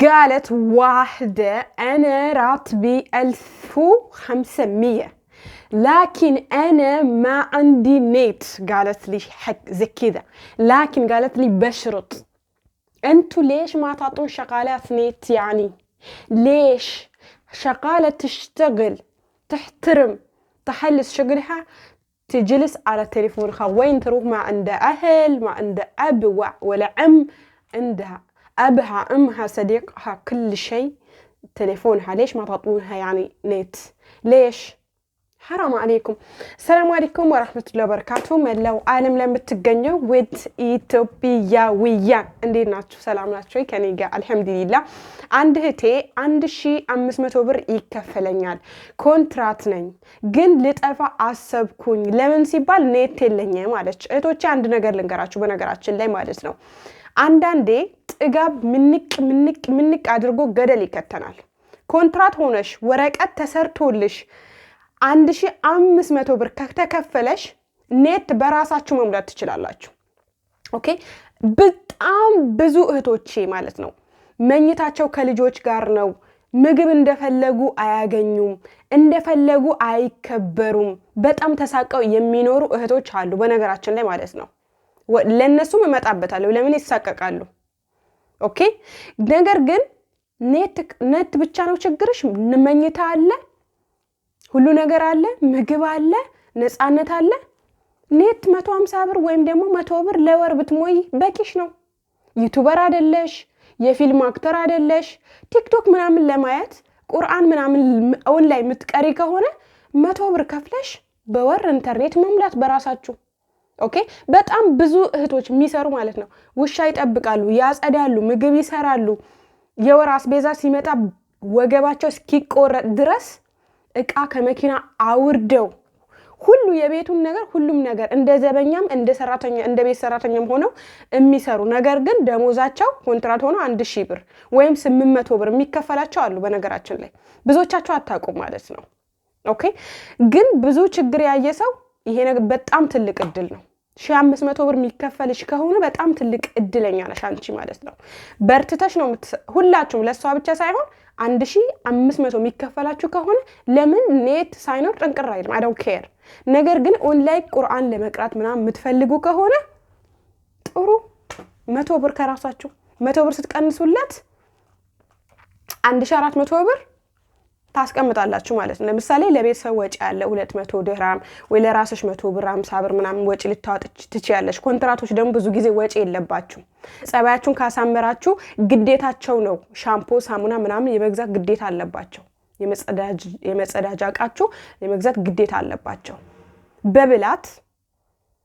قالت واحدة أنا راتبي ألف وخمسمية لكن أنا ما عندي نيت قالت لي حق زي كذا لكن قالت لي بشرط أنتوا ليش ما تعطون شغالات نيت يعني ليش شغالة تشتغل تحترم تحلس شغلها تجلس على تليفونها وين تروح ما عندها أهل ما عندها أب ولا عم عندها أبها أمها صديقها كل شيء تليفونها ليش ما تعطونها يعني نت ليش حرام عليكم ሰላም አለይኩም ወራህመቱላሂ ወበረካቱ መላው ዓለም ለምትገኙ ውድ ኢትዮጵያውያን እንዴት ናችሁ? ሰላም ናችሁ? ከኔ ጋር አልሐምዱሊላህ። አንድ እህቴ 1500 ብር ይከፈለኛል፣ ኮንትራት ነኝ፣ ግን ልጠፋ አሰብኩኝ። ለምን ሲባል ኔት የለኝም ማለች። እህቶቼ አንድ ነገር ልንገራችሁ፣ በነገራችን ላይ ማለት ነው አንዳንዴ እጋብ ምንቅ ምንቅ ምንቅ አድርጎ ገደል ይከተናል። ኮንትራት ሆነሽ ወረቀት ተሰርቶልሽ መቶ ብር ከተከፈለሽ ኔት በራሳችሁ መሙላት ትችላላችሁ። ኦኬ በጣም ብዙ እህቶቼ ማለት ነው መኝታቸው ከልጆች ጋር ነው። ምግብ እንደፈለጉ አያገኙም፣ እንደፈለጉ አይከበሩም። በጣም ተሳቀው የሚኖሩ እህቶች አሉ፣ በነገራችን ላይ ማለት ነው። ለእነሱም እመጣበታለሁ። ለምን ይሳቀቃሉ? ኦኬ። ነገር ግን ኔት ብቻ ነው ችግርሽ። መኝታ አለ፣ ሁሉ ነገር አለ፣ ምግብ አለ፣ ነፃነት አለ። ኔት መቶ ሀምሳ ብር ወይም ደግሞ መቶ ብር ለወር ብትሞይ በቂሽ ነው። ዩቱበር አደለሽ፣ የፊልም አክተር አደለሽ። ቲክቶክ ምናምን ለማየት ቁርአን ምናምን ኦንላይን የምትቀሪ ከሆነ መቶ ብር ከፍለሽ በወር ኢንተርኔት መሙላት በራሳችሁ ኦኬ በጣም ብዙ እህቶች የሚሰሩ ማለት ነው ውሻ ይጠብቃሉ፣ ያጸዳሉ፣ ምግብ ይሰራሉ። የወር አስቤዛ ሲመጣ ወገባቸው እስኪቆረጥ ድረስ እቃ ከመኪና አውርደው ሁሉ የቤቱን ነገር ሁሉም ነገር እንደ ዘበኛም እንደ ሰራተኛ እንደ ቤት ሰራተኛም ሆነው የሚሰሩ ነገር ግን ደሞዛቸው ኮንትራት ሆኖ አንድ ሺህ ብር ወይም ስምንት መቶ ብር የሚከፈላቸው አሉ። በነገራችን ላይ ብዙዎቻቸው አታውቁም ማለት ነው። ኦኬ ግን ብዙ ችግር ያየ ሰው ይሄ ነገር በጣም ትልቅ እድል ነው። ሺህ አምስት መቶ ብር የሚከፈልሽ ከሆነ በጣም ትልቅ እድለኛ ነሽ አንቺ ማለት ነው። በርትተሽ ነው ሁላችሁም፣ ለእሷ ብቻ ሳይሆን አንድ ሺህ አምስት መቶ የሚከፈላችሁ ከሆነ ለምን ኔት ሳይኖር ጥንቅር አይልም። አይ ዶንት ኬር። ነገር ግን ኦንላይን ቁርአን ለመቅራት ምናምን የምትፈልጉ ከሆነ ጥሩ መቶ ብር ከራሳችሁ መቶ ብር ስትቀንሱለት አንድ ሺህ አራት መቶ ብር ታስቀምጣላችሁ ማለት ነው። ለምሳሌ ለቤተሰብ ወጪ ያለ ሁለት መቶ ድራም ወይ ለራስሽ መቶ ብር አምሳ ብር ምናምን ወጪ ልታወጥ ትችያለሽ። ኮንትራቶች ደግሞ ብዙ ጊዜ ወጪ የለባችሁ። ጸባያችሁን ካሳመራችሁ ግዴታቸው ነው። ሻምፖ፣ ሳሙና ምናምን የመግዛት ግዴታ አለባቸው። የመጸዳጃ እቃችሁ የመግዛት ግዴታ አለባቸው። በብላት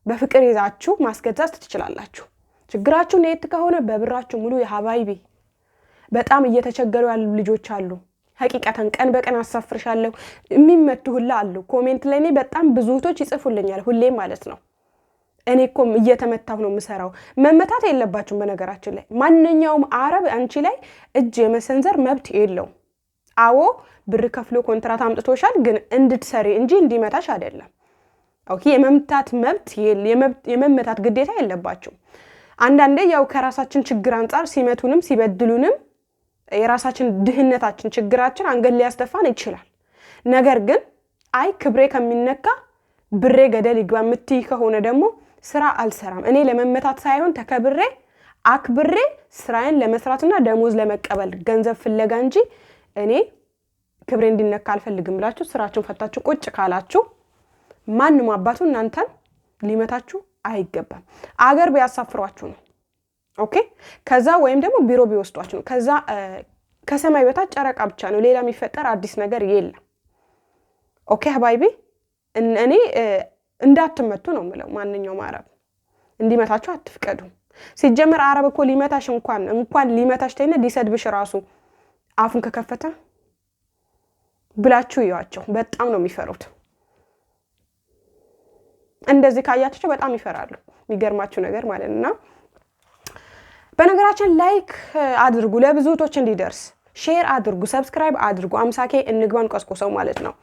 በፍቅር ይዛችሁ ማስገዛት ትችላላችሁ። ችግራችሁ የት ከሆነ በብራችሁ ሙሉ የሀባይቤ በጣም እየተቸገሩ ያሉ ልጆች አሉ። ሀቂቀተን ቀን በቀን አሳፍርሻለሁ የሚመቱ ሁላ አሉ። ኮሜንት ላይ እኔ በጣም ብዙ እህቶች ይጽፉልኛል ሁሌ ማለት ነው። እኔ እኮም እየተመታሁ ነው የምሰራው። መመታት የለባችሁም በነገራችን ላይ ማንኛውም አረብ አንቺ ላይ እጅ የመሰንዘር መብት የለው። አዎ ብር ከፍሎ ኮንትራት አምጥቶሻል፣ ግን እንድትሰሪ እንጂ እንዲመታሽ አይደለም። ኦኬ የመምታት መብት የመመታት ግዴታ የለባችሁም። አንዳንዴ ያው ከራሳችን ችግር አንጻር ሲመቱንም ሲበድሉንም የራሳችን ድህነታችን፣ ችግራችን አንገት ሊያስደፋን ይችላል። ነገር ግን አይ ክብሬ ከሚነካ ብሬ ገደል ይግባ የምትይ ከሆነ ደግሞ ስራ አልሰራም እኔ ለመመታት ሳይሆን ተከብሬ አክብሬ ስራዬን ለመስራትና ደሞዝ ለመቀበል ገንዘብ ፍለጋ እንጂ እኔ ክብሬ እንዲነካ አልፈልግም ብላችሁ ስራችሁን ፈታችሁ ቁጭ ካላችሁ ማንም አባቱ እናንተን ሊመታችሁ አይገባም። አገር ቢያሳፍሯችሁ ነው። ኦኬ ከዛ ወይም ደግሞ ቢሮ ቢወስዷችሁ ነው። ከዛ ከሰማይ በታች ጨረቃ ብቻ ነው፣ ሌላ የሚፈጠር አዲስ ነገር የለም። ኦኬ ሀባይቢ፣ እኔ እንዳትመቱ ነው ምለው። ማንኛውም አረብ እንዲመታችሁ አትፍቀዱ። ሲጀመር አረብ እኮ ሊመታሽ እንኳን እንኳን ሊመታሽ ተይነ ሊሰድብሽ ራሱ አፉን ከከፈተ ብላችሁ እዩዋቸው። በጣም ነው የሚፈሩት። እንደዚህ ካያቸው በጣም ይፈራሉ። የሚገርማችሁ ነገር ማለት ነው። በነገራችን ላይክ አድርጉ ለብዙ እህቶች እንዲደርስ ሼር አድርጉ፣ ሰብስክራይብ አድርጉ። አምሳኬ እንግባን ቀስቁሰው ማለት ነው።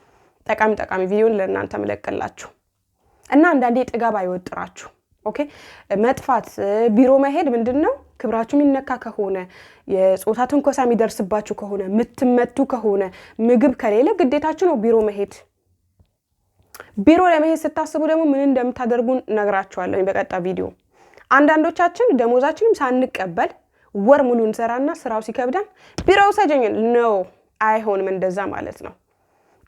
ጠቃሚ ጠቃሚ ቪዲዮን ለእናንተ መለቀላችሁ እና አንዳንዴ ጥጋብ አይወጥራችሁ። ኦኬ መጥፋት ቢሮ መሄድ ምንድን ነው? ክብራችሁ የሚነካ ከሆነ የፆታ ትንኮሳ የሚደርስባችሁ ከሆነ የምትመቱ ከሆነ ምግብ ከሌለ ግዴታችሁ ነው ቢሮ መሄድ። ቢሮ ለመሄድ ስታስቡ ደግሞ ምን እንደምታደርጉን ነግራችኋለሁ በቀጣ ቪዲዮ። አንዳንዶቻችን ደሞዛችንም ሳንቀበል ወር ሙሉ እንሰራና ስራው ሲከብዳን ቢሮ ሰጀኝ ነው። አይሆንም እንደዛ ማለት ነው።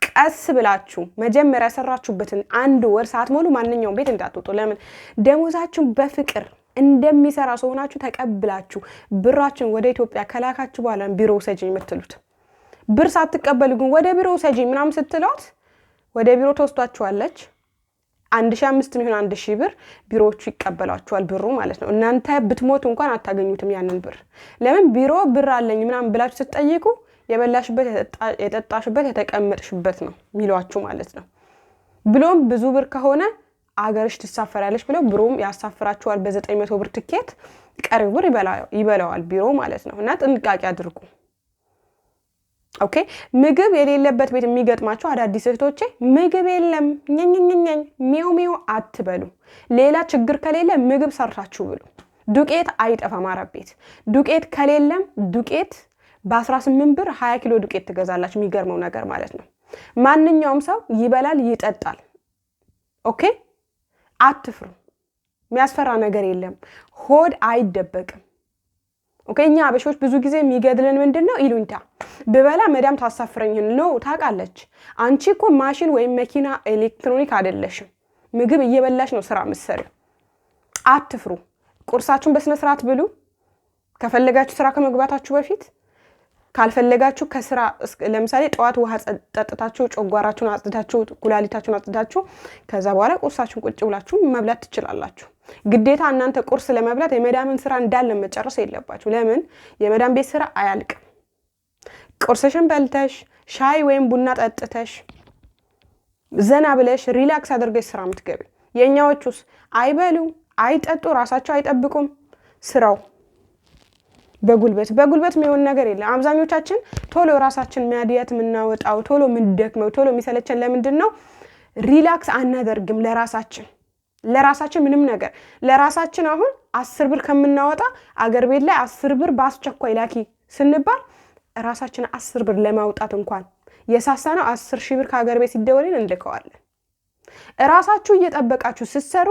ቀስ ብላችሁ መጀመሪያ የሰራችሁበትን አንድ ወር ሰዓት ሙሉ ማንኛውም ቤት እንዳትወጡ። ለምን ደሞዛችሁን በፍቅር እንደሚሰራ ሰው ሆናችሁ ተቀብላችሁ ብራችን ወደ ኢትዮጵያ ከላካችሁ በኋላ ቢሮ ውሰጅኝ የምትሉት ብር ሳትቀበሉ ግን ወደ ቢሮ ውሰጅኝ ምናምን ስትሏት ወደ ቢሮ ተወስቷችኋለች። አንድ ሺ አምስት ሚሆን አንድ ሺ ብር ቢሮዎቹ ይቀበሏቸዋል። ብሩ ማለት ነው። እናንተ ብትሞቱ እንኳን አታገኙትም ያንን ብር። ለምን ቢሮ ብር አለኝ ምናምን ብላችሁ ስትጠይቁ የበላሽበት፣ የጠጣሽበት፣ የተቀመጥሽበት ነው የሚሏችሁ ማለት ነው። ብሎም ብዙ ብር ከሆነ አገርሽ ትሳፈራለች ብለው ብሮም ያሳፍራችኋል። በዘጠኝ መቶ ብር ትኬት ቀሪው ብር ይበላዋል ቢሮ ማለት ነው። እና ጥንቃቄ አድርጉ። ኦኬ ምግብ የሌለበት ቤት የሚገጥማቸው አዳዲስ እህቶቼ ምግብ የለም ኘኝኝኝኝ ሚው ሚው አትበሉ። ሌላ ችግር ከሌለ ምግብ ሰርታችሁ ብሉ። ዱቄት አይጠፋም አረብ ቤት። ዱቄት ከሌለም ዱቄት በ18 ብር 20 ኪሎ ዱቄት ትገዛላችሁ። የሚገርመው ነገር ማለት ነው ማንኛውም ሰው ይበላል ይጠጣል። ኦኬ አትፍሩ። የሚያስፈራ ነገር የለም። ሆድ አይደበቅም። ኦኬ እኛ አበሾች ብዙ ጊዜ የሚገድልን ምንድን ነው? ይሉኝታ ብበላ መዳም ታሳፍረኝን ነው ታውቃለች። አንቺ እኮ ማሽን ወይም መኪና ኤሌክትሮኒክ አይደለሽም። ምግብ እየበላሽ ነው ስራ ምሰሪ አትፍሩ። ቁርሳችሁን በስነስርዓት ብሉ። ከፈለጋችሁ ስራ ከመግባታችሁ በፊት ካልፈለጋችሁ ከስራ ለምሳሌ ጠዋት ውሃ ጠጥታችሁ ጨጓራችሁን አጽድታችሁ ኩላሊታችሁን አጽድታችሁ ከዛ በኋላ ቁርሳችሁን ቁጭ ብላችሁ መብላት ትችላላችሁ። ግዴታ እናንተ ቁርስ ለመብላት የመዳምን ስራ እንዳለ መጨረስ የለባችሁ። ለምን የመዳም ቤት ስራ አያልቅም። ቁርስሽን በልተሽ ሻይ ወይም ቡና ጠጥተሽ ዘና ብለሽ ሪላክስ አድርገሽ ስራ የምትገቢ የእኛዎቹስ አይበሉ አይጠጡ፣ ራሳቸው አይጠብቁም ስራው በጉልበት በጉልበት የሚሆን ነገር የለም። አብዛኞቻችን ቶሎ ራሳችን ሚያድያት የምናወጣው ቶሎ የምንደክመው ቶሎ የሚሰለችን ለምንድን ነው? ሪላክስ አናደርግም ለራሳችን ለራሳችን ምንም ነገር ለራሳችን አሁን አስር ብር ከምናወጣ አገር ቤት ላይ አስር ብር በአስቸኳይ ላኪ ስንባል ራሳችን አስር ብር ለማውጣት እንኳን የሳሳ ነው አስር ሺህ ብር ከሀገር ቤት ሲደወልን እንልከዋለን። ራሳችሁ እየጠበቃችሁ ስትሰሩ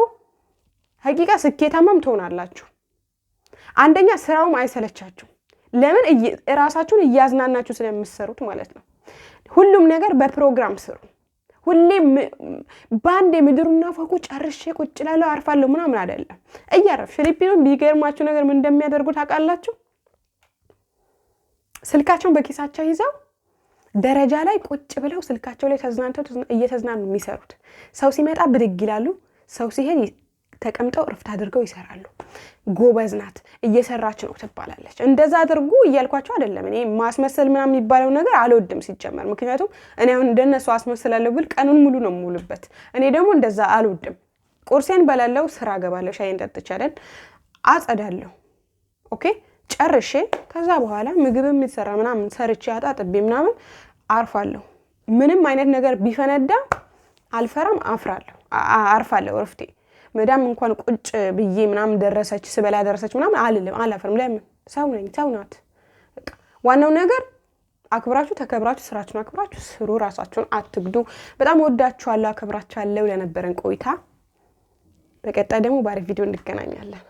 ሀቂቃ ስኬታማም ትሆናላችሁ። አንደኛ ስራውም አይሰለቻችሁ። ለምን እራሳችሁን እያዝናናችሁ ስለምትሰሩት ማለት ነው። ሁሉም ነገር በፕሮግራም ስሩ። ሁሌም በአንድ የምድሩና ፎቁ ጨርሼ ቁጭ ላለው አርፋለሁ ምናምን አይደለም። እያረፍ ፊሊፒኖች ቢገርማችሁ ነገር ምን እንደሚያደርጉት ታውቃላችሁ? ስልካቸውን በኪሳቸው ይዘው ደረጃ ላይ ቁጭ ብለው ስልካቸው ላይ ተዝናንተው እየተዝናኑ የሚሰሩት ሰው ሲመጣ ብድግ ይላሉ። ሰው ሲሄድ ተቀምጠው እርፍት አድርገው ይሰራሉ። ጎበዝ ናት፣ እየሰራች ነው ትባላለች። እንደዛ አድርጉ እያልኳቸው አይደለም። እኔ ማስመሰል ምናምን የሚባለው ነገር አልወድም ሲጀመር። ምክንያቱም እኔ አሁን እንደነሱ አስመስላለሁ ብል ቀኑን ሙሉ ነው የምውልበት። እኔ ደግሞ እንደዛ አልወድም። ቁርሴን በላለው ስራ ገባለሁ፣ ሻይን ጠጥቻለን፣ አጸዳለሁ። ኦኬ ጨርሼ ከዛ በኋላ ምግብ የሚሰራ ምናምን ሰርቼ አጣጥቤ ምናምን አርፋለሁ። ምንም አይነት ነገር ቢፈነዳ አልፈራም፣ አፍራለሁ፣ አርፋለሁ እረፍቴ መዳም እንኳን ቁጭ ብዬ ምናምን ደረሰች ስበላ ደረሰች ምናምን አልልም፣ አላፈርም። ለምን ሰው ነኝ፣ ሰው ናት። ዋናው ነገር አክብራችሁ ተከብራችሁ ስራችሁን አክብራችሁ ስሩ። ራሳችሁን አትግዱ። በጣም ወዳችኋለሁ፣ አክብራችኋለሁ ለነበረን ቆይታ። በቀጣይ ደግሞ ባሪፍ ቪዲዮ እንገናኛለን።